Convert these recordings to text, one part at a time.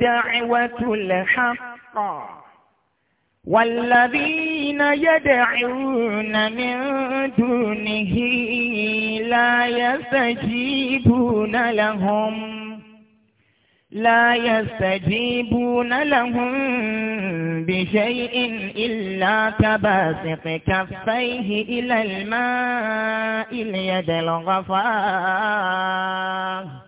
دعوة الحق والذين يدعون من دونه لا يستجيبون لهم لا يستجيبون لهم بشيء إلا كباسط كفيه إلى الماء ليدلغ فاه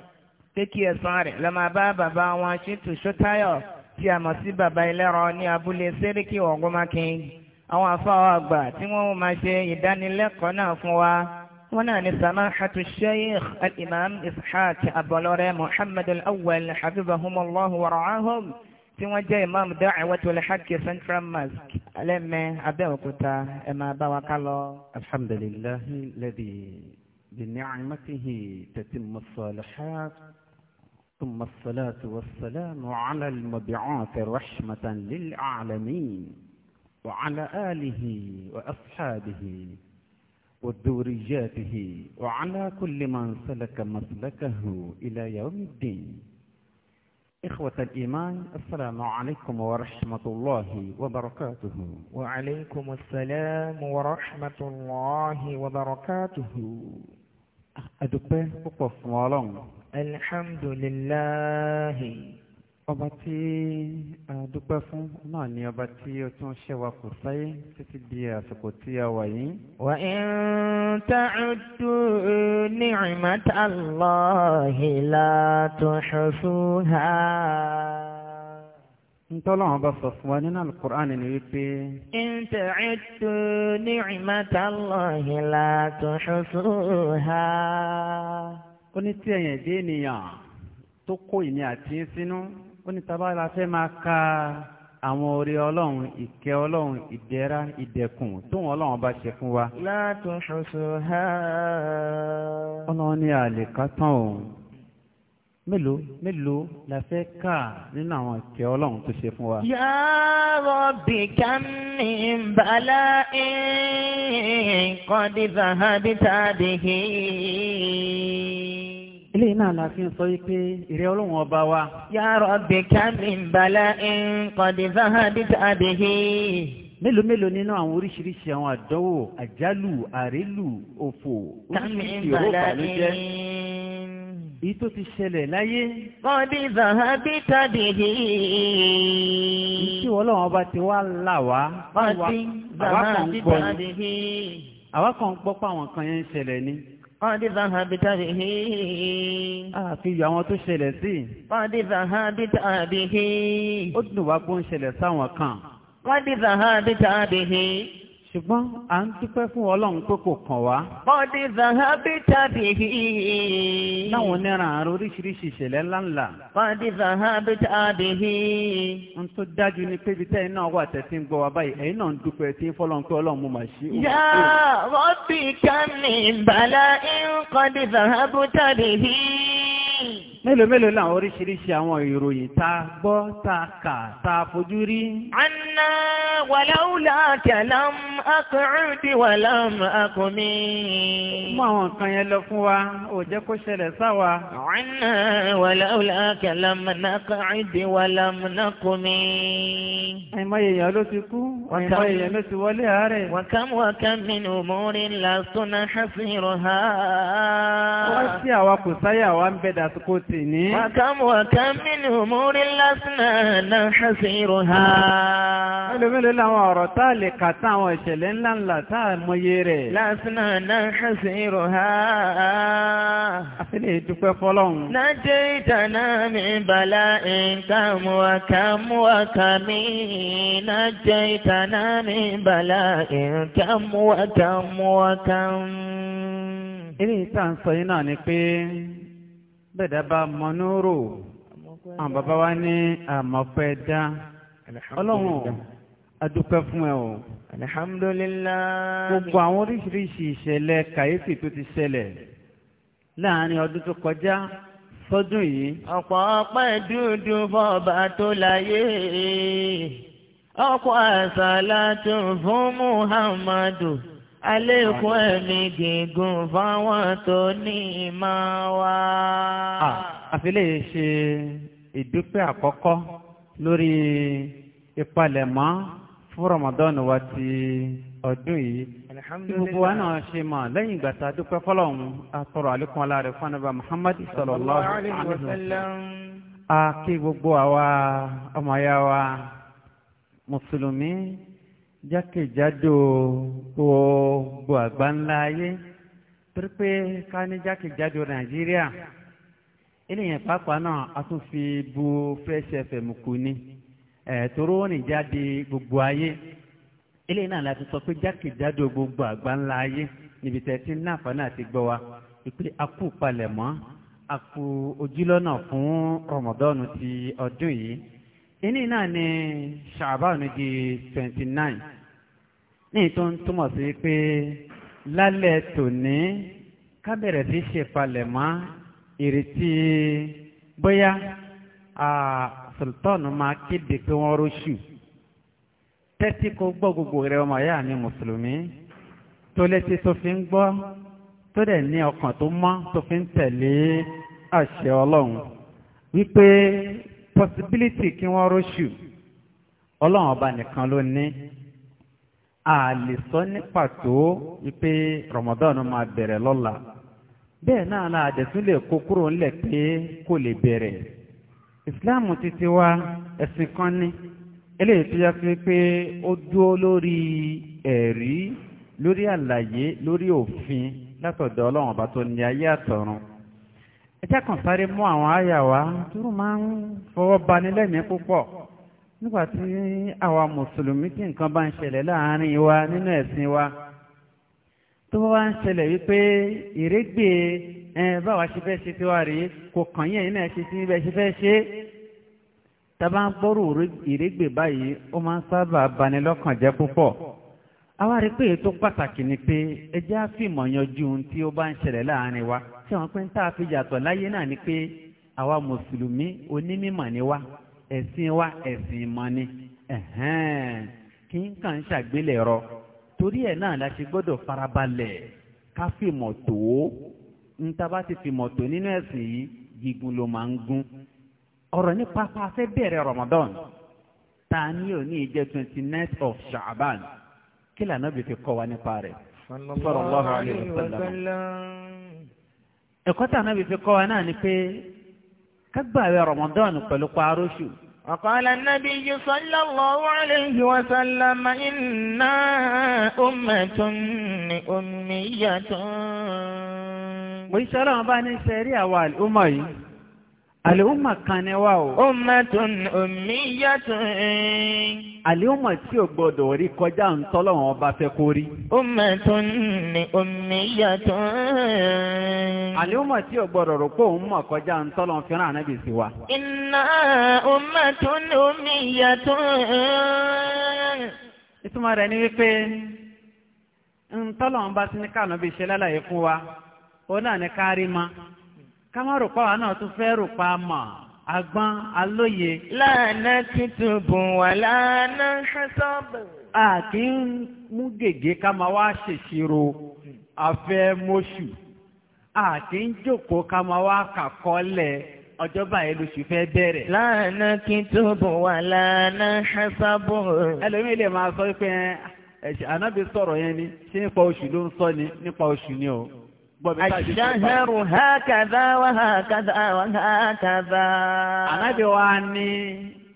pé kí ẹ̀san rẹ̀ lọ máa bá bàbá wọn Ṣítù Ṣótáyọ̀ tí a mọ̀ sí bàbá ẹlẹ́rọ ní abúlé Séríkì Ọ̀gọ́mákin àwọn afáwọ̀ àgbà tí wọ́n máa ṣe ìdánilẹ́kọ̀ọ́ náà fún wa wọ́n náà ní samahatu sheikh al-imam ishaq abọlọ́rẹ́ muhammad al-awwal habibahumallahu warahum tí wọ́n jẹ́ imam da'watul haqq central mosque alẹ́mẹ́ abẹ́òkúta ẹ̀ máa bá wa ká lọ. alhamdulillahi alladhi bi ni'matihi tatimmu as ثم الصلاة والسلام على المبعوث رحمة للعالمين وعلى آله وأصحابه وذرياته وعلى كل من سلك مسلكه إلى يوم الدين إخوة الإيمان السلام عليكم ورحمة الله وبركاته وعليكم السلام ورحمة الله وبركاته أدوبة مالون alhamdulillahi ọba tí a dúpẹ́ fún náà ni ọba tí ó tún ṣe wa kò sáyé títí di àsìkò tí a wà yìí. wa in ta'uddu ni'mata Allahi la tuhsuha. Ntọ́lọ́wọ́n bá sọ fún wa nínú al ni wípé. In ta'uddu ni'mata Allahi la tuhsuha ó ní tí ẹ̀yìn ẹ̀dẹ́ ènìyàn tó kó ìní àti sínú ó ní tabára fẹ́ máa ka àwọn orí ọlọ́run ìkẹ́ ọlọ́run ìdẹ̀ra ìdẹ̀kùn tó ọlọ́run bá ṣe fún wa. látún ṣoṣo ha. ọlọ́run ní àlè ká tán o mélòó mélòó la fẹ́ kà nínú àwọn ìkẹ́ ọlọ́run tó ṣe fún wa. yà rọ̀bì ká mi bàlá nǹkan dìbò àbítàdìhì eléyìí náà la fi ń sọ wípé ìrẹ́ ọlọ́run ọba wa. ya rabbi kam min bala'in qad zahabta bihi. mélòó mélòó nínú àwọn oríṣiríṣi àwọn àdánwò àjálù àrélù òfò oríṣiríṣi ìró ìbànújẹ́ èyí tó ti ṣẹlẹ̀ láyé. kọ́dí zahabi tàbí hì. ìṣí ọlọ́run ọba ti wá là wá. kọ́dí zahabi tàbí hì. àwa kan gbọ́ pé àwọn kan yẹn ń ṣẹlẹ̀ ni. Kọ́ndí zahabi tàbí hí. Àfihàn àwọn tó ṣẹlẹ̀ sí. Kọ́ndí zahabi tàbí hí. Ó dùn wá pé ó ń ṣẹlẹ̀ sáwọn kan. Wọ́n dí zahabi tàbí hí ṣùgbọ́n à ń dúpẹ́ fún ọlọ́run pé kò kàn wá. ọdí zahabi tàbí hìí. láwọn oníran àrùn oríṣiríṣi ìṣẹ̀lẹ̀ ńláńlá. ọdí zahabi tàbí hìí. n tó dájú ni pé ibi tẹ́yìn náà wà tẹ́tí ń gbọ́ wa báyìí ẹ̀yin náà ń dúpẹ́ tí ń fọ́lọ́run pé ọlọ́run mú màá ṣí. yá rọ́bì kan ní ìbàlá ń zahabi tàbí hìí mélòó mélòó làwọn oríṣiríṣi àwọn ìròyìn ta gbọ́ ta kà ta fojú rí. anna wàláwùlà kàlám akọ̀rìndì wàlám akọ̀mí. mú àwọn nǹkan yẹn lọ fún wa ò jẹ́ kó ṣẹlẹ̀ sáwa. anna wàláwùlà kàlám akọ̀rìndì wàlám akọ̀mí. àìmọye èèyàn ló ti kú àìmọye èèyàn ló ti wọlé àárẹ̀. wàkàm wàkàm mi ni òmùrí ńlá ha. wọ́n sí àwa kò sáyà wa ń bẹ̀ dàsíkò t sì ní. wàkàmù wàkàmù nínú múrí lásìnà náà ṣàṣírò ha. mélòmélò làwọn ọ̀rọ̀ tá a lè kà tá àwọn ìṣẹ̀lẹ̀ ńlá ńlá tá a mọyé rẹ̀. lásìnà náà ṣàṣírò ha. àfihàn ìdúpẹ́ fọlọ́hún. nàjẹ́ ìdáná mi bàlá ìkàmù wàkàmù wàkàmì nàjẹ́ ìdáná mi bàlá ìkàmù wàkàmù wàkàmù. ilé ìta sọ yín náà ni pé bẹ́ẹ̀dá bá mọ́núrò àwọn bàbá wa ní àmọ́pẹ́ dá ọlọ́run adúpẹ́ fún ẹ o. alihamudulilayi. gbogbo àwọn oríṣiríṣi ìṣẹ̀lẹ̀ kàyéfì tó ti ṣẹlẹ̀ láàrin ọdún tó kọjá sọ́dún yìí. ọ̀pọ̀ ọpẹ́ dúdú bọ́ọ̀bà tó láyé ọ̀pọ̀ àṣàlá tó fún muhammadu. Alékún ẹ̀mí gígùn fáwọn tó ní máa wá. Àfilẹ̀ ṣe ìdúpẹ́ àkọ́kọ́ lórí ìpalẹ̀mọ́ fún Ramadan wa ti ọdún yìí. Tí gbogbo wa náà ṣe mọ̀ lẹ́yìn ìgbà tá a dúpẹ́ fọ́lọ́hun, a sọ̀rọ̀ àlékún fún Ànábì Muhammad sallallahu alaihi wa sallam. A kí gbogbo àwa ọmọ ya wa Mùsùlùmí jákèjádò gbogbo àgbáńlá ayé torí pé ká ní jákèjádò nàìjíríà eléyìí pàápàá náà a tún fi bu fresh fm kù ni ẹ̀ẹ́dọ́rọ́ ní jáde gbogbo ayé eléyìí náà láti sọ pé jákèjádò gbogbo àgbáńlá ayé níbi tẹ̀sí náàfààní àti gbọ́ wa ìpè akú palẹ̀mọ́ akú ojúlọ́nà fún rọmọdọ́ọ̀nù ti ọdún yìí ìní náà ni ṣàbánu di twenty nine ní tó ń túmọ̀ sí pé lálẹ́ tòní ká bẹ̀rẹ̀ sí ṣe palẹ̀mọ́ ìrètí bóyá sultan máa kéde pé wọ́n róṣù tẹ́tí kó gbọ́ gbogbo rẹ̀ ọmọ ayá ni mùsùlùmí tó létí tó fi ń gbọ́ tó dẹ̀ ní ọkàn tó mọ́ tó fi ń tẹ̀lé àṣẹ ọlọ́run wípé possibility kí wọ́n róṣù ọlọ́run ọba nìkan ló ní a lè sọ ní pàtó wípé Ramadan máa bẹ̀rẹ̀ lọ́la bẹ́ẹ̀ náà la àdẹ̀tún lè kó kúrò ńlẹ̀ pé kò lè bẹ̀rẹ̀ ìsìláàmù títí wa ẹ̀sìn kan ní eléyìí tó yá sí pé ó dúró lórí ẹ̀rí lórí àlàyé lórí òfin látọ̀dọ̀ ọlọ́run ọba tó ní ayé àtọ̀run ẹjẹ́ kan sáré mú àwọn àyà wa dúró máa ń fọwọ́ bani lẹ́mìí púpọ̀ nígbà tí àwa mùsùlùmí tí nǹkan bá ń ṣẹlẹ̀ láàárín wa nínú ẹ̀sìn wa tó bá ń ṣẹlẹ̀ wípé ìrégbè ẹ báwa ṣe fẹ́ ṣe tiwa rèé kò kàn yín ẹ̀yin náà ṣe sí ibẹ̀ ṣe fẹ́ ṣe tá a bá ń gbọ́rò ìrégbè báyìí ó máa ń sábà bani lọ́kàn jẹ́ púpọ̀ àwa rí pé ètò pàtàkì ni pé ẹjẹ́ á fi ìmọ̀ yanjú ohun tí ó bá ń ṣẹlẹ̀ láàrin wa tí wọ́n pé ń tá a fi yàtọ̀ láyé náà ni pé àwa mùsùlùmí onímọ̀ ni wa ẹ̀sìn wa ẹ̀sìn ìmọ̀ ni kí n kàn ń ṣàgbélẹ̀rọ torí ẹ̀ náà la ṣe gbọ́dọ̀ farabalẹ̀ ká fìmọ̀ tó ń tá bá ti fìmọ̀ tó nínú ẹ̀sìn yìí gígùn ló máa ń gún ọ̀rọ̀ nípa pa afẹ́ bẹ̀rẹ̀ Ramadan ta ni òní ìjẹ́ twenty nine of Shaaban kí lànà bí fi kọ́ wa nípa rẹ̀ sallallahu alaihi wasallam ẹ̀kọ́ tí ànábì fi kọ́ wa náà ni pé kágbà rẹ̀ Ramadan pẹ̀lú paaróṣù. وقال النبي صلى الله عليه وسلم إنا أمة أمية. wòye sọ́lá wọn bá ní sẹ́rí àwa àlùmọ̀ yìí. Àlèhùnmà kan ni wá o. Ummatun ummiyatun. Àlèhùnmà tí ò gbọdọ̀ rí kọjá ń tọ́lọ́wọ́n ọba fẹ́ kó rí. tí ò rò pé òun mọ̀ kọjá ń tọ́lọ́wọ́n fẹ́ràn ànábì sí wa. Inna ummatun ummiyatun. Ìtumọ̀ rẹ̀ ni wípé ń bá ti ní káànú bí fún wa, ó náà ká má náà tún fẹ́ rò pa mọ̀ agbọ́n alóye. lánàá wà lánàá a kì í mú gègé ká máa wá ṣèṣirò a kì í jókòó ká máa wá kàkọ́lẹ̀ ọjọ́ báyìí lóṣù fẹ́ bẹ̀rẹ̀. lánà kí tó bọ̀ wá lánà ẹlòmíì lè ni ṣé nípa oṣù ló ń sọ o. Àṣàhẹ́rù hákàdá wá hákàdá wá hákàdá. Ànábì wa ní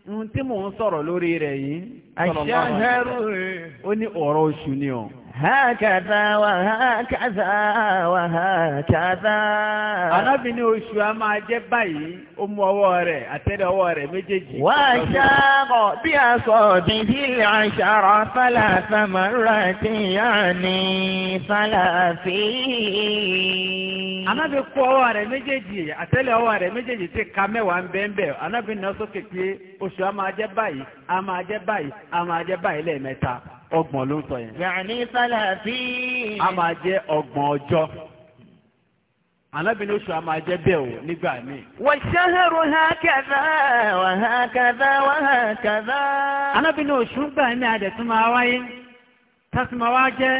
ohun tí mò ń sọ̀rọ̀ lórí rẹ̀ yìí. Àṣàhẹ́rù. Ó ní ọ̀rọ̀ oṣù ni ọ̀. Hákàtà wa hákàtà wà hákàtà. Ànábì ní oṣù a máa jẹ́ báyìí, ó mú ọwọ́ rẹ̀ àtẹ́lẹ̀ ọwọ́ rẹ̀ méjèèjì. Wà á bí a sọ bí bí àṣàrọ̀ fàlàfà màrà tí yá ni fàlàfì. Ànábì kó ọwọ́ rẹ̀ méjèèjì, àtẹ́lẹ̀ ọwọ́ rẹ̀ méjèèjì ti ka mẹ́wàá ń bẹ́ẹ̀ bẹ́ẹ̀. náà oṣù a máa jẹ́ báyìí, a máa jẹ́ báyìí, a máa jẹ́ báyìí lẹ́ẹ̀mẹ́ta. ọgbọ̀n ló ń sọ yẹn. a máa jẹ ọgbọ̀n ọjọ́. alábìnrin oṣù a máa jẹ́ bẹ́ẹ̀ o nígbà míì. wàṣẹ́hẹ́rù hakadha wà hakadha wà hakadha. alábìnrin oṣù gbà ní adẹ̀tún máa wáyé tásí máa wá jẹ́.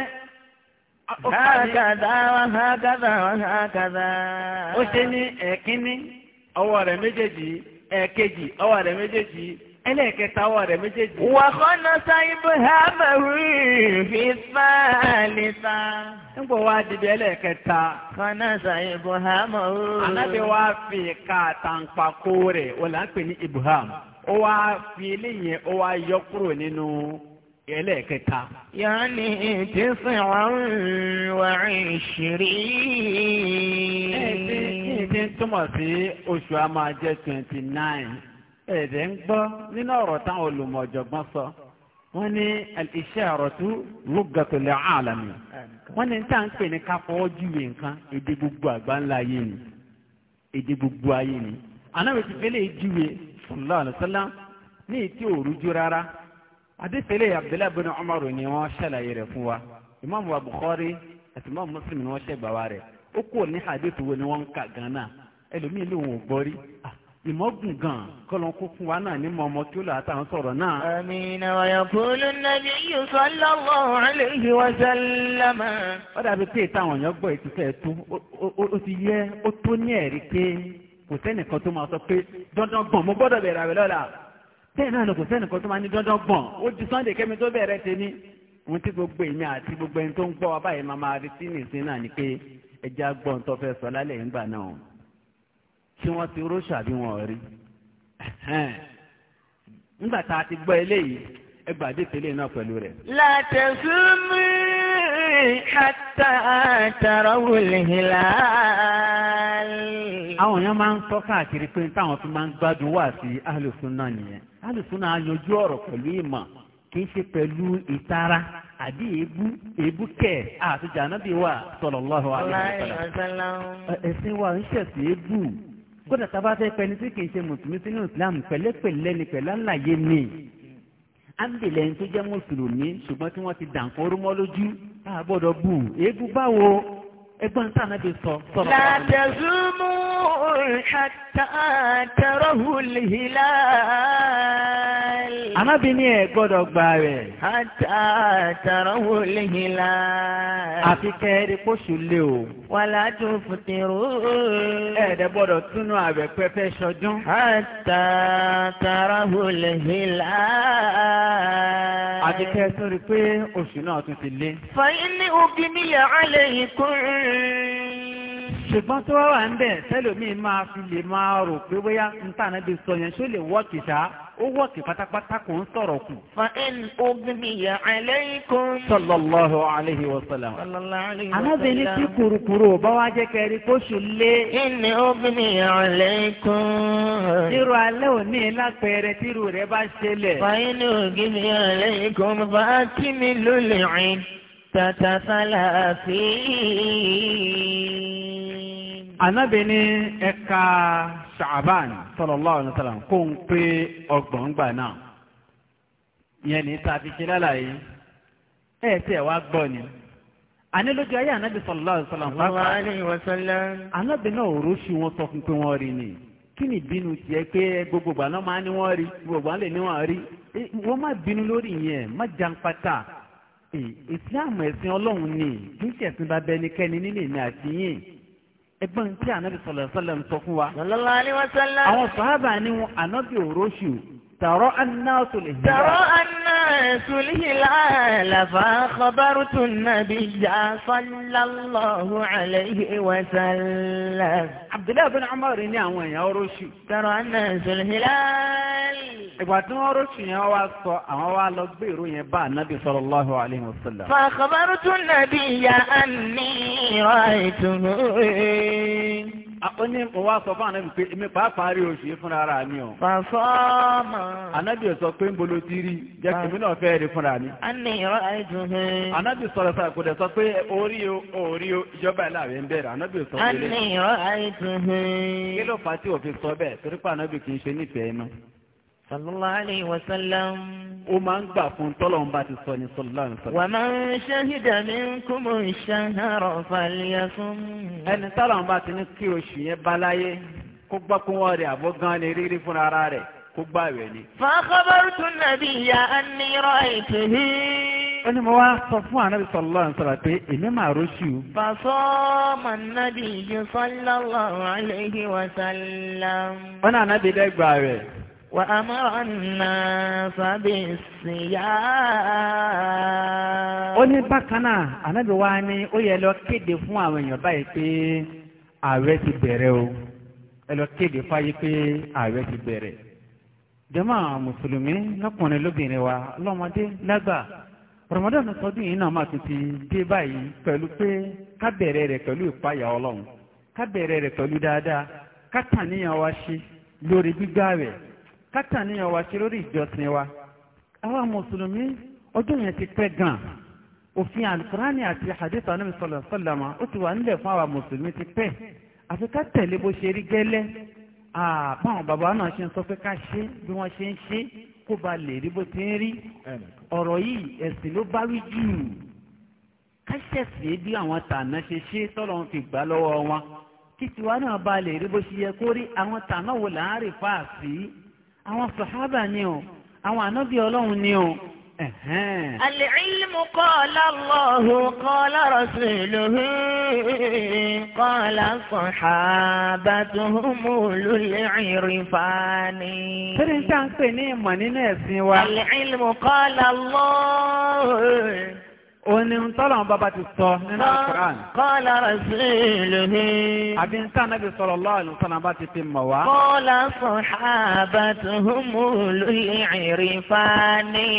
hakadha wà hakadha wà hakadha. ó ṣe ní ẹ̀kínní ọwọ́ rẹ̀ méjèèjì ẹ̀kejì ọwọ́ rẹ̀ ẹlẹ́ẹ̀kẹta ọwọ́ rẹ̀ méjèèjì. wàhánà sáyébù hàmàrú fi ń gbọ́ wá dìde ẹlẹ́ẹ̀kẹta. wàhánà sáyébù hàmàrú. anábì wá fi ka àtàǹpàkó rẹ̀ wọ́n là ń pè ní ibrahim. ó wá fi eléyìí ó wá yọ kúrò nínú ẹlẹ́ẹ̀kẹta. yanni ti sìnwọ̀n wà ẹ ti túmọ̀ sí oṣù a twenty ẹ̀dẹ̀ ń gbọ́ nínú ọ̀rọ̀ táwọn olùmọ̀jọ̀gbọ́n sọ wọ́n ní al-isharatu lughatul alamin wọ́n ní tá à ń pè ní káfọ́ọ́jú yìí nǹkan èdè gbogbo àgbáńlá ayé ni èdè gbogbo ayé ni anáwó ti fẹ́lẹ́ ìjúwe sallallahu alaihi wasallam ní ìtí òrújú rárá adéfẹ́lẹ́ abdullahi bin umar ni wọ́n ṣàlàyé rẹ̀ fún wa imaamu wa bukhari àti imaamu muslim ni wọ́n ṣẹ̀gbà wa rẹ̀ ó kò ní hadith wo ni wọ́n ń kà ìmọ̀gùn gan kọ́lọ́n kó wa náà ní mọ̀mọ́ kí ó lọ àtàwọn sọ̀rọ̀ náà. àmìnà ọ̀yọ̀kúlù nàbí sallallahu alayhi wa sallam. ó dàbí pé ìtàwọn èèyàn gbọ́ ìtúsẹ́ tó ó ti yẹ ó tó ní ẹ̀rí pé kò sẹ́nìkan tó máa sọ pé dandan gbọ̀n mo gbọ́dọ̀ bẹ̀rẹ̀ àwẹ̀ lọ́la bẹ́ẹ̀ náà kò sẹ́nìkan tó máa ní dandan gbọ̀n ó ju sunday kẹ́mi tó bẹ̀rẹ̀ tí wọ́n ti róṣù àbí wọ́n rí nígbà tá a ti gbọ́ eléyìí ẹ gbàdé tẹ́lẹ̀ náà pẹ̀lú rẹ̀. látẹ̀sùmí hatta tarawul hilal. àwọn èèyàn máa ń sọ káàkiri pé táwọn fi máa ń gbádùn wá sí alùsùnà nìyẹn yanjú ọ̀rọ̀ pẹ̀lú ìmọ̀ kì í ṣe pẹ̀lú ìtara àbí èébú èébú kẹ̀ àtijọ́ ẹ̀sìn wa gbọ́dọ̀ tá a bá fẹ́ pẹ́ni tí kìí ṣe mùsùlùmí sínú ìsìlámù pẹ̀lẹ́pẹ̀lẹ́ ni pẹ̀láńláyé ni ámbìlẹ̀ ẹni tó jẹ́ mùsùlùmí ṣùgbọ́n tí wọ́n ti dànkọ́ rúmọ́ lójú tá a gbọ́dọ̀ bù eégú báwo ẹgbọ́n tí ànábì sọ sọ̀rọ̀. làtẹ̀zúmù hatta tarahu Anábì ní ẹ̀ gbọ́dọ̀ gbà rẹ̀. Àtàràwò lè yìn lá. Àfi kẹ́rin kóṣù lé o. Wàlá tó fùtìrú. Ẹ̀ẹ́dẹ̀ gbọ́dọ̀ túnú àwẹ̀ pẹ́pẹ́ ṣọdún. Àtàràwò lè yìn lá. Àfi kẹ́sùn rí pé oṣù náà tún ti lé. Fàyín ní obì mi yà á lè yìí kúrú ṣùgbọ́n tó wá ń bẹ̀ tẹ́lómi máa fi lè máa rò pé bóyá n tà náà bí sọ yẹn ṣó lè wọ́ọ̀kì ṣá ó wọ́ọ̀kì pátápátá kò ń sọ̀rọ̀ kù. fa in ogbiya aleikum. sallallahu alayhi wa sallam. alábẹ̀ ní tí kurukuru bá wá jẹ́ kẹrin kó ṣù lé. in ogbiya aleikum. irú alẹ́ òní lápẹẹrẹ tírú rẹ̀ bá ṣẹlẹ̀. fa in ogbiya aleikum fa kí mi ló lè ìtàkà fàlàfin. Ànábì ní ẹ̀ka Ṣàbán sallallahu alaihi wasallam kó ń pé ọgbọ̀n gbà náà. Yẹn ní ta fi ṣe lálàyé. Ẹ ti ẹ̀ wá gbọ́ ni. Àní lójú ayé ànábì sallallahu alaihi wasallam pápá. Wọ́n á ní ìwọ̀sánlẹ̀. Ànábì náà ò róṣù wọn sọ fún pé wọ́n rí ni. Kí ni tiẹ̀ pé gbogbo àná máa ní wọ́n rí, gbogbo àná lè ní wọ́n rí. Wọ́n má bínú lórí yẹn, má jàǹpátá ìsìláàmù ẹ̀sìn ọlọ́run ni kí ṣẹ̀sìn bá bẹnikẹ́ni nílé mi àti yín ẹgbọ́n tí ànábì sallallahu alaihi wasallam sọ fún wa. sallallahu alaihi wasallam. àwọn sàhábà ni wọn ànábì òróṣù ترى الناس ترى الناس الهلال فاخبرت النبي صلى الله عليه وسلم عبد الله بن عمر يا وين يا روشي ترى الناس الهلال ابعت روشي يا واسط اما والله كبير يا با النبي صلى الله عليه وسلم فاخبرت النبي اني رايته ó ní mo wá sọ fún ànábì pé èmi pàápàá rí oṣù yìí fúnra ara mi o. fàfọ́ọ̀mù. ànábì sọ pé ń bolo ti rí jẹ́ kí náà fẹ́ rí fúnra mi. a ní ìrọ́ àìdùn hẹ́. ànábì sọ̀rọ̀ sọ̀rọ̀ kò dẹ̀ sọ pé orí o orí o ìjọba ẹ̀ láàrin ń bẹ̀rẹ̀ ànábì sọ pé. a ní ìrọ́ àìdùn hẹ́. kí ló fà á tí òfin sọ bẹ́ẹ̀ torí pé kì í ṣe nífẹ̀ẹ́ náà sallallahu alayhi wa sallam. ó máa ń gbà fún tọ́lọ́run bá ti sọ ní sallallahu alayhi wa sallam. wa man shahida minkumu shahara falyasum. ẹni tọ́lọ́run bá ti ní kí oṣù yẹn bá láyé kó gbọ́ kó wọ́n rẹ̀ àbọ̀ gan ni rírí fúnra ara rẹ̀ kó gbà wẹ̀ ni. fa khabartu nabiyya anni ra'aytuhu. ó ní mo wá sọ fún ànábì sallallahu alayhi wa pé èmi máa róṣù. fa sama nabiyyu sallallahu alayhi wa sallam. ó ní ànábì dẹ́gbàá rẹ̀. وأمر الناس بالصيام. ó ní bákan náà ànábì wa ni ó yẹ lọ kéde fún àwọn èèyàn báyìí pé ti o ẹ lọ kéde fáyé pé ti bẹ̀rẹ̀. jàmáà mùsùlùmí wa lọ́mọdé lágbà rọmọdọ́nù sọdún yìí náà máa tún ti dé báyìí pẹ̀lú pé ká lórí kátà níyàn wa ṣe lórí ìjọsìn wa àwa mùsùlùmí ọdún yẹn ti pẹ́ gan òfin alukurani àti hadith anabi sọlọ sọlọmọ ó ti wà nílẹ̀ fún àwa mùsùlùmí ti pẹ́ àfi ká tẹ̀lé bó ṣe rí gẹ́lẹ́ báwọn bàbá náà ṣe ń sọ pé ká ṣe bí wọ́n ṣe ń ṣe kó ba lè rí bó ti ń rí ọ̀rọ̀ yìí ẹ̀sìn ló bá wí jù ká ṣẹ̀sìn bí àwọn tànà ṣe ṣe tọ́lọ́ ń fi gbà lọ́wọ́ wọn kí tiwa náà ba lè rí bó ṣe yẹ kó rí àwọn tànà wò láàárín fáàsì àwọn sàhábà ni o àwọn ànábì ọlọ́run ni o. Al-ilmu qala Allahu qala rasuluhu qala sahabatuhu ulul irfani. Tẹ́lẹ̀ ń tà ń pè ní ìmọ̀ nínú ẹ̀sìn wa. Al-ilmu qala Oni ń tọ́lọ̀ bàbá ti sọ nínú Al-Qur'an. Qala rasuluhu. Àbí ń tàn nábì sallallahu alaihi wasallam bá ti fi mọ̀ wá. Qala sahabatuhumul i'rifani.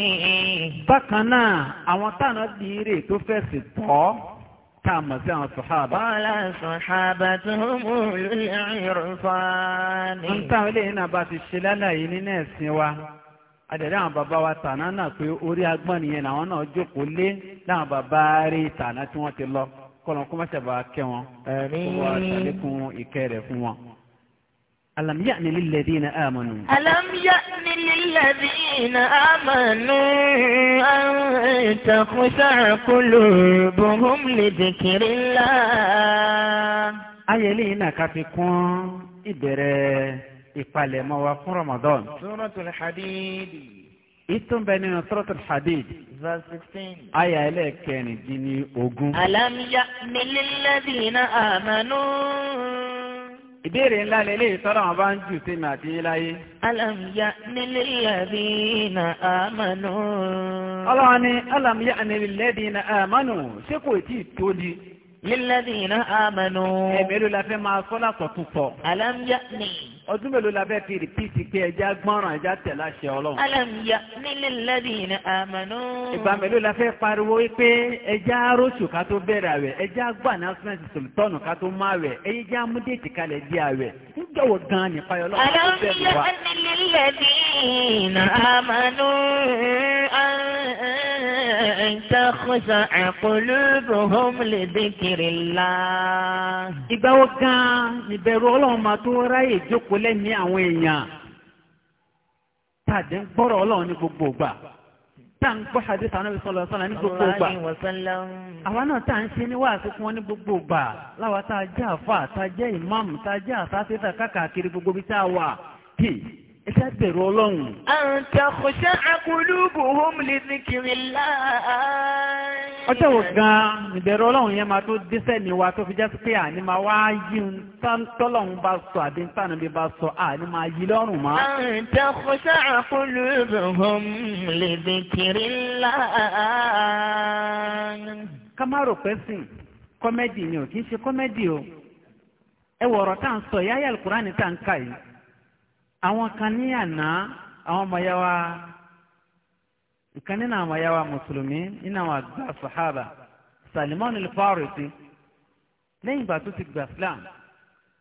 Bákan náà, àwọn tànà bí tó fẹ̀sì tọ́ kàmọ̀ sí àwọn sọ̀hábà. Qala sahabatuhumul i'rifani. Ń tàn ilé náà bá ti ṣe lálàyé nínú ẹ̀sìn wa. adẹ̀rẹ́ àwọn bàbá wa tàná náà pé orí agbọ́n nìyẹn wọn náà jókòó lé láwọn bàbá rí tàná tí wọ́n ti lọ kọ́lọ̀ kó má ṣàbà kẹ́ wọn kó wá ṣàlékún ìkẹ́ rẹ̀ fún wọn. ألم يأن للذين آمنوا ألم يأن للذين آمنوا أن تخشع قلوبهم لذكر الله ayẹlẹ́yìn náà ká fi ìpalẹ̀mọ́ wa fún Ramadan. Suratul Hadid. Ìtún bẹ nínú Suratul Hadid. Verse sixteen. Aya ẹlẹ́ẹ̀kẹrin dín ní ogún. Alam ya'nil lilladhina amanu. Ìbéèrè ńlá lélẹ́yìí sọ́dọ̀ wọn bá ń jù sí mi àti láyé. Alam ya'nil lilladhina amanu. Ọlọ́run ni Alam ya'nil lilladhina amanu ṣé kò tí ì tó di? Lilladhina amanu. Ẹ̀mẹ́lú la fẹ́ máa sọ́lá sọ̀tún sọ. Alam ya'nil ọdún mélòó la fẹ́ fi rìpíìtì pé ẹja gbọ́ràn ẹja tẹ̀ láṣẹ ọlọ́run. alamiya nílẹ̀ lẹ́bìnrin àmàlú. ìgbà mélòó la fẹ́ pariwo pé ẹja arósù ká tó bẹ̀rẹ̀ àwẹ̀ ẹja gbọ́ announcement tọ̀nù ká tó máa wẹ̀ ẹja amúdéètì kalẹ̀ di àwẹ̀ ń jọ̀wọ́ gan-an nípa ọlọ́run alamiya nílẹ̀ lẹ́bìnrin àmàlú. أن تخشع قلوبهم لذكر الله إذا وقع gan-an níbẹ̀rù ọlọ́run máa tó ráyè jókòó lẹ́mìí àwọn èèyàn tàdé ń gbọ́rọ̀ ọlọ́run ní gbogbo ìgbà tá ń gbọ́ hadith Ànábì sallallahu alaihi wasallam ní gbogbo ìgbà àwa náà tá ń ṣe ní wàásù fún wọn ní gbogbo ìgbà láwa tá a jẹ́ àfà tá a jẹ́ ìmáàmù tá a jẹ́ àsáfẹ́fẹ́ káàkiri gbogbo ibi tá a wà ẹ ṣe bẹ̀rù ọlọ́run. àǹtà kò ṣe àkúlùbù hóum lè ní kiri láàárín. ọjọ́ wo gan-an ìbẹ̀rù ọlọ́run yẹn máa tó dẹ́sẹ̀ ní wa tó fi jẹ́ pé àní máa wá yí tọ́lọ́run bá sọ àbí tànàbí bá sọ àní máa yí lọ́rùn mọ́. àǹtà kò ṣe àkúlùbù hóum ní kiri láàárín. ká má rò pé sìn kọ́mẹ́dì ni ò kì í ṣe kọ́mẹ́dì o ẹ wọ̀rọ̀ tá à ń sọ yáyà Al-Kùránì tá à àwọn kan ní àná àwọn ọmọ ya wa nǹkan nínú àwọn ya wa mùsùlùmí nínú àwọn àgbà sàhábà Salman al-Farisi lẹ́yìn ìgbà tó ti gbà Islam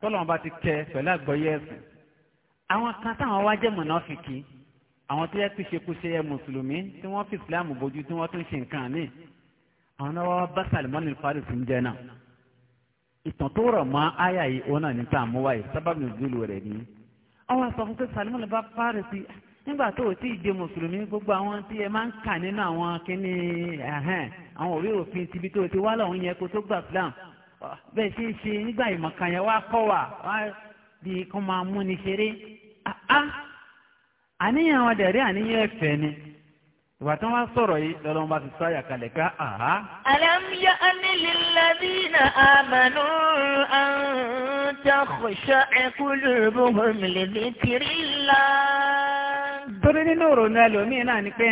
tọ́lọ́mọba ti kẹ́ pẹ̀lú àgbọ́yé ẹ̀sìn àwọn kan táwọn wá jẹ́ mọ̀nàfìkì àwọn tó yẹ kó ṣe kó ṣe yẹ mùsùlùmí tí wọ́n fi islam bójú tí wọ́n tún ṣe nǹkan mi àwọn náà wá bá Salman al ń jẹ náà ìtàn tó rọ̀ mọ́ àyà yìí òun náà ní tá mú wáyé sábàbí ìdúró rẹ̀ nìyí àwọn àsọ fún pé Salimu ló bá Fárìsì nígbà tó o ti di mùsùlùmí gbogbo àwọn tí ẹ máa ń kà nínú àwọn kíní àwọn òwe òfin tibi tó o ti wá lọ́hún yẹn kó tó gbà Islam bẹ́ẹ̀ ṣe ń ṣe nígbà ìmọ̀kan yẹn kọ́ wà wá bí kò máa mú ṣeré ah, ah, àníyàn wọn dẹ̀ àníyàn ẹ̀fẹ̀ ni ìwà tí wọ́n sọ̀rọ̀ yìí lọ́lọ́run bá ti sọ àyàkalẹ̀ ká àhá. alam ya'ni lilladhina amanu an takhsha'a qulubuhum li dhikrillah. torí nínú òrònú ẹlòmíín náà ni pé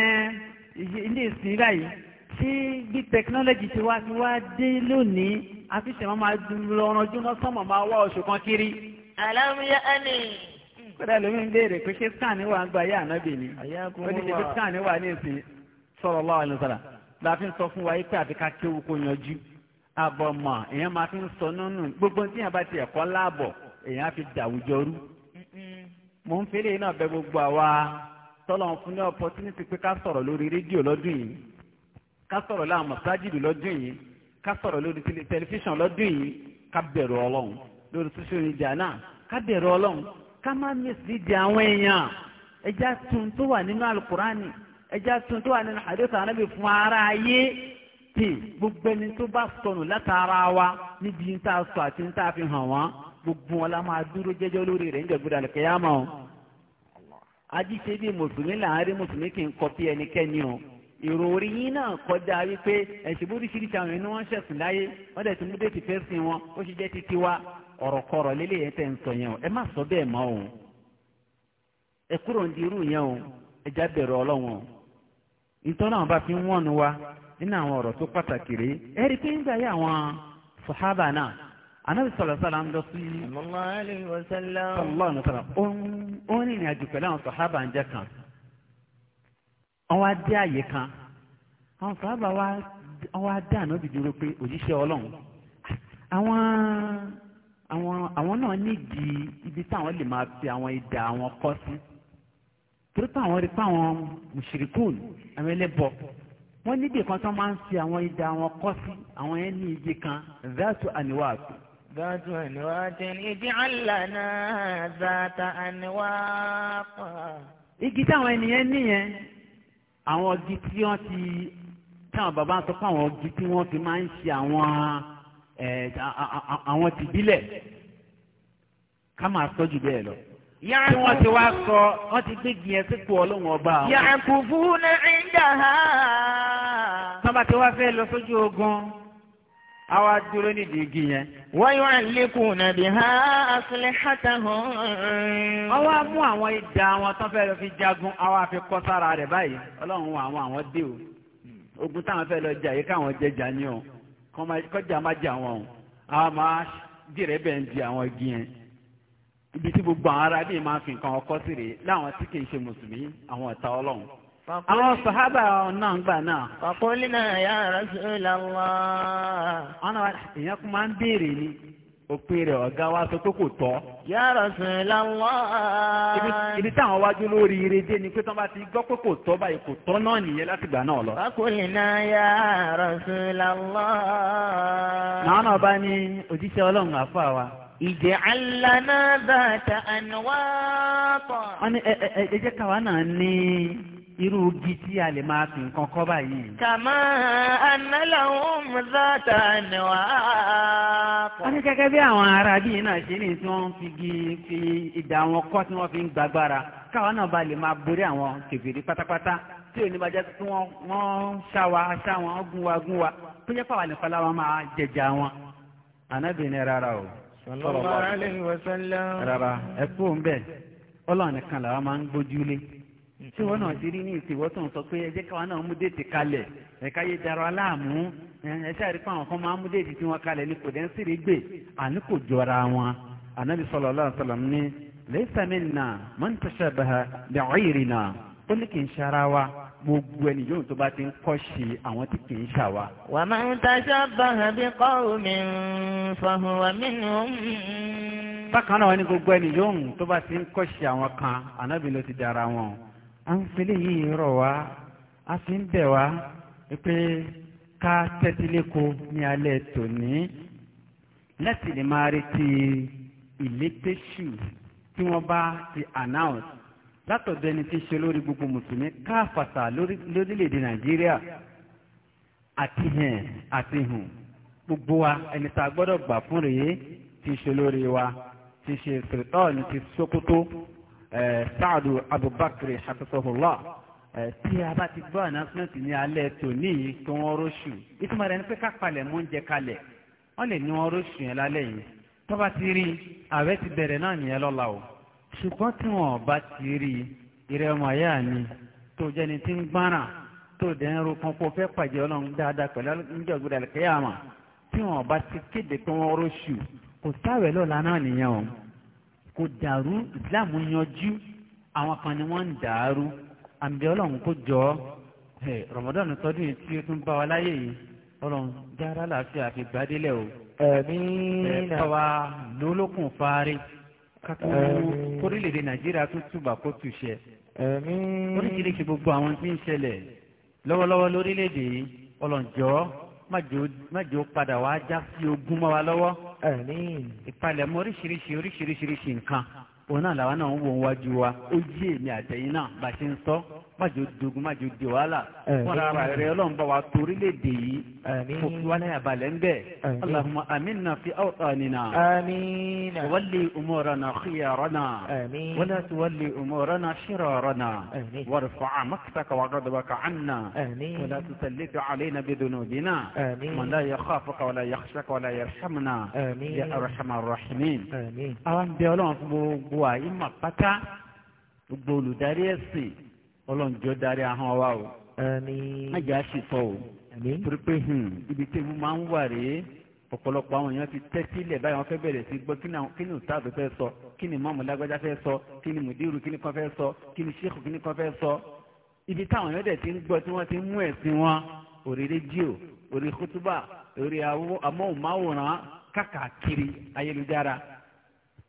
ilé ìsìn báyìí tí bí tẹkinọ́lọ́jì ti wá ti wá dé lónìí àfihàn máa lọ́rọ̀jú lọ́sàn-án máa wá oṣù kan kiri. alam ya'ni kódà lómi ń béèrè pé ṣé scan wà ń gba ayé ànábì ni ó ní ṣe pé scan wà ní ìsìn sallallahu alaihi wasallam la fi ń sọ fún wa yìí pé àfi ká kéwu kó yanjú àbọ̀mọ̀ èèyàn máa fi ń sọ nínú gbogbo tí yàrá bá ti ẹ̀kọ́ láàbọ̀ èèyàn á fi dàwùjọ rú. mo ń fẹ́lẹ́ náà bẹ gbogbo àwa tọ́lọ̀ fún ní opportunity pé ká sọ̀rọ̀ lórí rédíò lọ́dún yìí ká sọ̀rọ̀ láwọn mọ̀sájìdì lọ́dún yìí ká sọ̀rọ̀ lórí tẹlifíṣàn lọ́dún yìí ká bẹ̀rù ọlọ́run lórí social media náà ká bẹ̀rù ọlọ́run ká má mísìlídìí àwọn èèyàn ẹja tun tó wà nínú alukurani ẹja tun tó wà nínú hadith anabi fún ara ayé tè gbogbo ẹni tó bá sọnù látara wa níbi ń tà sọ àti ń tà fi hàn wọn gbogbo wọn la máa dúró jẹ́jọ́ lórí rẹ̀ ń jẹ gbọ́dọ̀ àlùkìyàmọ o ajíṣe bíi mùsùlùmí láàrin mùsùlùmí kì í kọpí ẹnikẹ́ni o èrò orí yín náà kọjá wípé ẹ̀sìn bóríṣiríṣi àwọn ẹni wọ́n ṣẹ̀sìn láyé wọ́n dẹ̀ ti mú dé ti fẹ́ wọn ó ṣe jẹ́ títí wa ọ̀rọ̀kọ̀rọ̀ lélẹ́yìn ya ń sọ yẹn o ẹ má sọ bẹ́ẹ̀ mọ́ o ẹ kúrò ń di irú yẹn o ẹ já bẹ̀rẹ̀ o ìtọ́nà àwọn bá fi ń wa nínú àwọn ọ̀rọ̀ tó pàtàkì ẹ rí i pé nígbà yẹ àwọn sàhábà náà anabi sọlọ sọlọ ń lọ sí sọlọ ó ń rìnrìn àjò pẹ̀lú àwọn ń jẹ́ kan wá dé àyè kan àwọn wá pé òjíṣẹ́ ọlọ́run àwọn. àwọn àwọn náà nídìí ibi táwọn lè máa fi àwọn ìdá àwọn kọ́ sí torí pé àwọn rí pé àwọn mùsùlùkùn àwọn ẹlẹ́bọ wọ́n níbi kan tó máa ń fi àwọn ìdá àwọn kọ́ sí àwọn yẹn ní ibi kan zaatu aniwaat. zaatu aniwaat ibi alana zaata aniwaat. igi táwọn ènìyàn níyẹn àwọn igi tí wọ́n ti táwọn bàbá sọ pé àwọn igi tí wọ́n fi máa ń ṣe àwọn. àwọn tìbílẹ̀ ká máa bẹ́ẹ̀ lọ. Yàrá wọn ti wá sọ wọn ti gbé gbìyànjú sípò ọlọ́run ọba. Yàrá kò fún ní ìjà ha. Tọ́ba tí wọ́n fẹ́ lọ sójú ogun àwa dúró nídìí wọ́n yóò lékun nàbí ha asìlẹ̀ hàtà wọ́n wá mú àwọn ìdá àwọn tán fẹ́ lọ fi jagun àwa fi kọ́ sára rẹ̀ báyìí ọlọ́run àwọn àwọn dé o ogun táwọn fẹ́ lọ ní kọjá má jà wọn o a máa jèrè bẹ́ẹ̀ ń di àwọn igi yẹn ibi tí gbogbo àwọn ará bíi máa fi nǹkan ọkọ sí rèé láwọn tí kì í ṣe mùsùlùmí àwọn ọ̀tá ọlọ́run àwọn sàhábà náà gbà náà. Faqulna ya Rasulallah. wọn náà èèyàn kún máa ń béèrè ni. O pere ọ̀gá wa sọ pé kò Ya Rasulullah. ibi táwọn wájú lórí ire ni pé tí wọ́n bá ti gbọ́ pé kò tọ́ báyìí kò tọ́ náà nìyẹn láti ya Rasulullah. làwọn náà bá ní òjíṣẹ́ ọlọ́run àfa wa. Ije ala dhata anwat. wọ́n ní ẹ ẹ ẹ jẹ́ káwa náà irú igi tí a lè máa fi nǹkan kọ́ báyìí. kàmá análáwọ̀ mùsàtà níwá. wọ́n ní gẹ́gẹ́ bí àwọn ará bíi náà ṣe ní tí wọ́n fi igi fi ìdá wọn kọ́ tí wọ́n fi ń gbàgbára káwọn náà bá lè máa borí àwọn kèfèrí pátápátá tí ò ní bá jẹ́ kí wọ́n wọ́n ṣá wa ṣá wọn gún wa gún wa tó jẹ́ pàwọn nìkan láwọn máa jẹjà wọn. ànábìnrin rárá o. sọlọ́ọ̀ rárá òun bẹ́ẹ̀ ọlọ́run nìkan làwọn máa ń gbójúlé tí wọ́n náà ti rí ní ìsìnwọ́ tó ń sọ pé ẹjẹ́ káwọn náà mú déètì kalẹ̀ ẹ̀ka yé darọ aláàmú ẹ̀ṣẹ́ àríkọ́ àwọn kan máa mú déètì tí wọ́n kalẹ̀ ní kò dẹ́ ń sèré gbè àní kò jọra wọn. anabi sallallahu alaihi wasallam ní laysa minna man tashabaha bi ghayrina ó ní kì í ṣara wa gbogbo ẹni yóò tó bá ti ń kọ́ sí àwọn tí kì í ṣà wa. wa man tashabaha bi qawmin fahuwa minhum bákan náà wọn ní gbogbo ẹni yóò tó bá ti ń à ń filé yìí rọ̀ wá a fi ń bẹ̀ wá pé ká tẹ́tíléko ní alẹ́ tòní láti lè máa retí ìlétẹ́sù tí wọ́n bá ti announce látọ̀dọ̀ ẹni tí ń ṣe lórí gbogbo mùsùlùmí káfàtà lórílẹ̀‐èdè nàìjíríà àti hẹ̀n àti hùn gbogbo wa ẹni tá a gbọ́dọ̀ gbà fún rèé tí ṣe lórí wa tí ṣe sèrétọ́ọ̀nù ti sókótó. Eh, Saadu Abubakar hafizahullah eh, tí a bá ti gbọ́ announcement ní alẹ́ tòní yìí kí wọ́n róṣù ìtumọ̀ rẹ̀ ni pé ká palẹ̀ mọ́ oúnjẹ kalẹ̀ wọ́n lè ní wọ́n róṣù yẹn lálẹ́ yìí tó bá ti rí ààwẹ̀ ti bẹ̀rẹ̀ náà nìyẹn lọ́la o ṣùgbọ́n tí wọ́n bá ti rí ìrẹ́ ọmọ ayá mi tó jẹni tí ń gbára tó dẹ̀ ń ro kankan fẹ́ pàjẹ́ ọlọ́run dáadáa pẹ̀lú kò dàrú ìsìláàmù yanjú àwọn kan ni wọ́n ń dàrú àmì ọlọ́run kò jọ ọ́ Ramadan tọdún yìí tí ó tún bá wa láyé yìí ọlọ́run jára láàfin àfi gbadélẹ̀ o. ẹ̀mí náà báwa lólókùn fárí kátó kórìlèdè Nàìjíríà tó túbà kó túṣẹ. ẹ̀mí. oríṣiríṣi gbogbo àwọn tí ń ṣẹlẹ̀ lọ́wọ́lọ́wọ́ lórílẹ̀‐èdè yìí ọlọ́run jọ̀ọ́ padà wá já sí ogun mọ́ wa lọ́wọ́ àmín ìpalẹ̀mọ́ oríṣiríṣi oríṣiríṣi nǹkan òun náà làwọn náà ń wo wájú wa ó yí èmi àtẹ̀yìn náà bá ṣe ń sọ májò dogun májò di wàhálà wọn rà rẹ ọlọ́run bá wa torílẹ̀-èdè yìí kò fi wálé àbálẹ̀ ń bẹ̀ Allahumma amina fi awtanina wali umurana khiyarana wala tuwali umurana shirarana warfa' maktaka wa ghadabaka anna wala tusallit علينا بذنوبنا من لا يخافك ولا يخشك ولا يرحمنا يا أرحم الراحمين أوان بيولون gbogbo àyímà pátá gbogbo olùdarí ẹ̀sìn ọlọ́njọ́ darí ahọ́n wa o. má jẹ́ àṣìṣọ́ o. torí pé hmm, ibi tí ewu máa ń wà rèé ọ̀pọ̀lọpọ̀ àwọn èèyàn ti tẹ́tí ilẹ̀ báyìí wọ́n fẹ́ bẹ̀rẹ̀ sí gbọ́ kí ni òtáàbù fẹ́ sọ kí ni mọ́mù lágbájá fẹ́ sọ kí ni mùdírù kí ni kan fẹ́ sọ kí ni ṣéèkù kí ni kan fẹ́ sọ. ibi táwọn èèyàn dẹ̀ ti ń gbọ́ tí wọ́n ti ń mú ẹ̀sìn wọn orí rédíò orí kútúbà orí amóhùnmáwòrán káàkiri ayélujára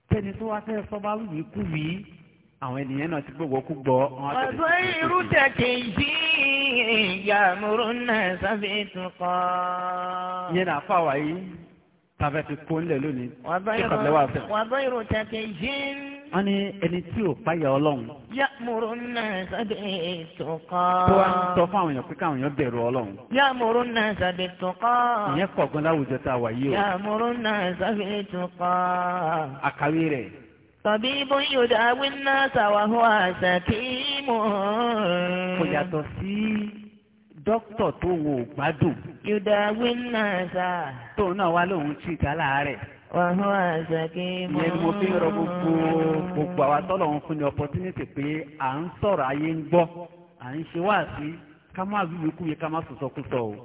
tẹ́ni tó wá fẹ́ sọ bá wùmí kú mi àwọn ènìyàn náà ti gbogbo kú gbọ́. ọ̀sọ́ irú tẹ̀kẹ̀ yìí náà sábẹ́ tún yẹn náà fà wáyé tàbí ti kó ńlẹ̀ lónìí. wàá bá irú tẹ̀kẹ̀ yìí wọ́n ní ẹni tí ò páyà ọlọ́run. yàmùrù náà sábẹ́ tòkọ́. tó wá ń sọ fún àwọn èèyàn pé káwọn èèyàn bẹ̀rù ọlọ́run. yàmùrù náà sábẹ́ tòkọ́. ìyẹn kọ̀ọ̀kan láwùjọ tá a wà yìí o. yàmùrù náà sábẹ́ tòkọ́. àkàwé rẹ̀. tọ̀bíbù yòdáwí náà sàwáhùn àṣà kí mò ń. kò yàtọ̀ sí dókítà tó wo gbádùn. yòdáwí náà sà. tóun wàhùn àzàkí mọ́. ìyẹn ni mo fi ń rọ gbogbo gbogbo àwa tọ́lọ̀ ń fún ní opportunity pé à ń sọ̀rọ̀ ayé ń gbọ́ à ń ṣe wáàsí ká má wíwèé kúwèé ká má sọ̀sọ́kú sọ o.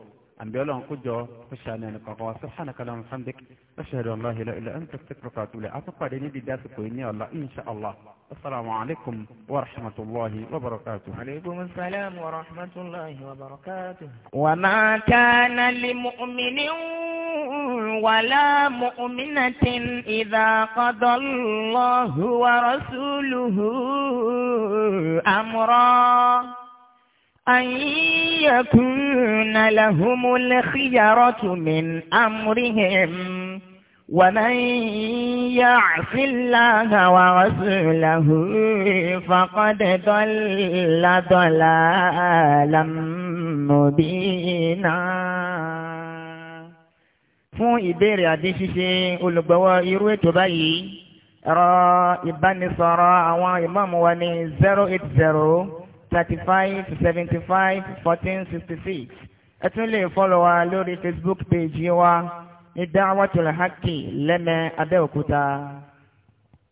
أنبياء الله فشانا نقاقوا يعني سبحانك الله محمدك أشهد أن الله لا إلا أنت استفرقا تولي أعطقا لني بداس قويني الله إن شاء الله السلام عليكم ورحمة الله وبركاته عليكم السلام ورحمة الله وبركاته وما كان لمؤمن ولا مؤمنة إذا قضى الله ورسوله أمراً أن يكون لهم الخيرة من أمرهم ومن يعص الله ورسوله فقد ضل ضلالا مبينا fún ìbéèrè àti olùgbọ́wọ́ irú ètò báyìí ẹ̀rọ ìbánisọ̀rọ̀ àwọn ìmáàmù wa ní zero eight zero thirty five to seventy five fourteen sixty six ẹ tún lè fọ́lọ̀ wa lórí Facebook page wa ní Da'watul Haqqi lẹ́mẹ̀ẹ́ Abẹ́òkúta.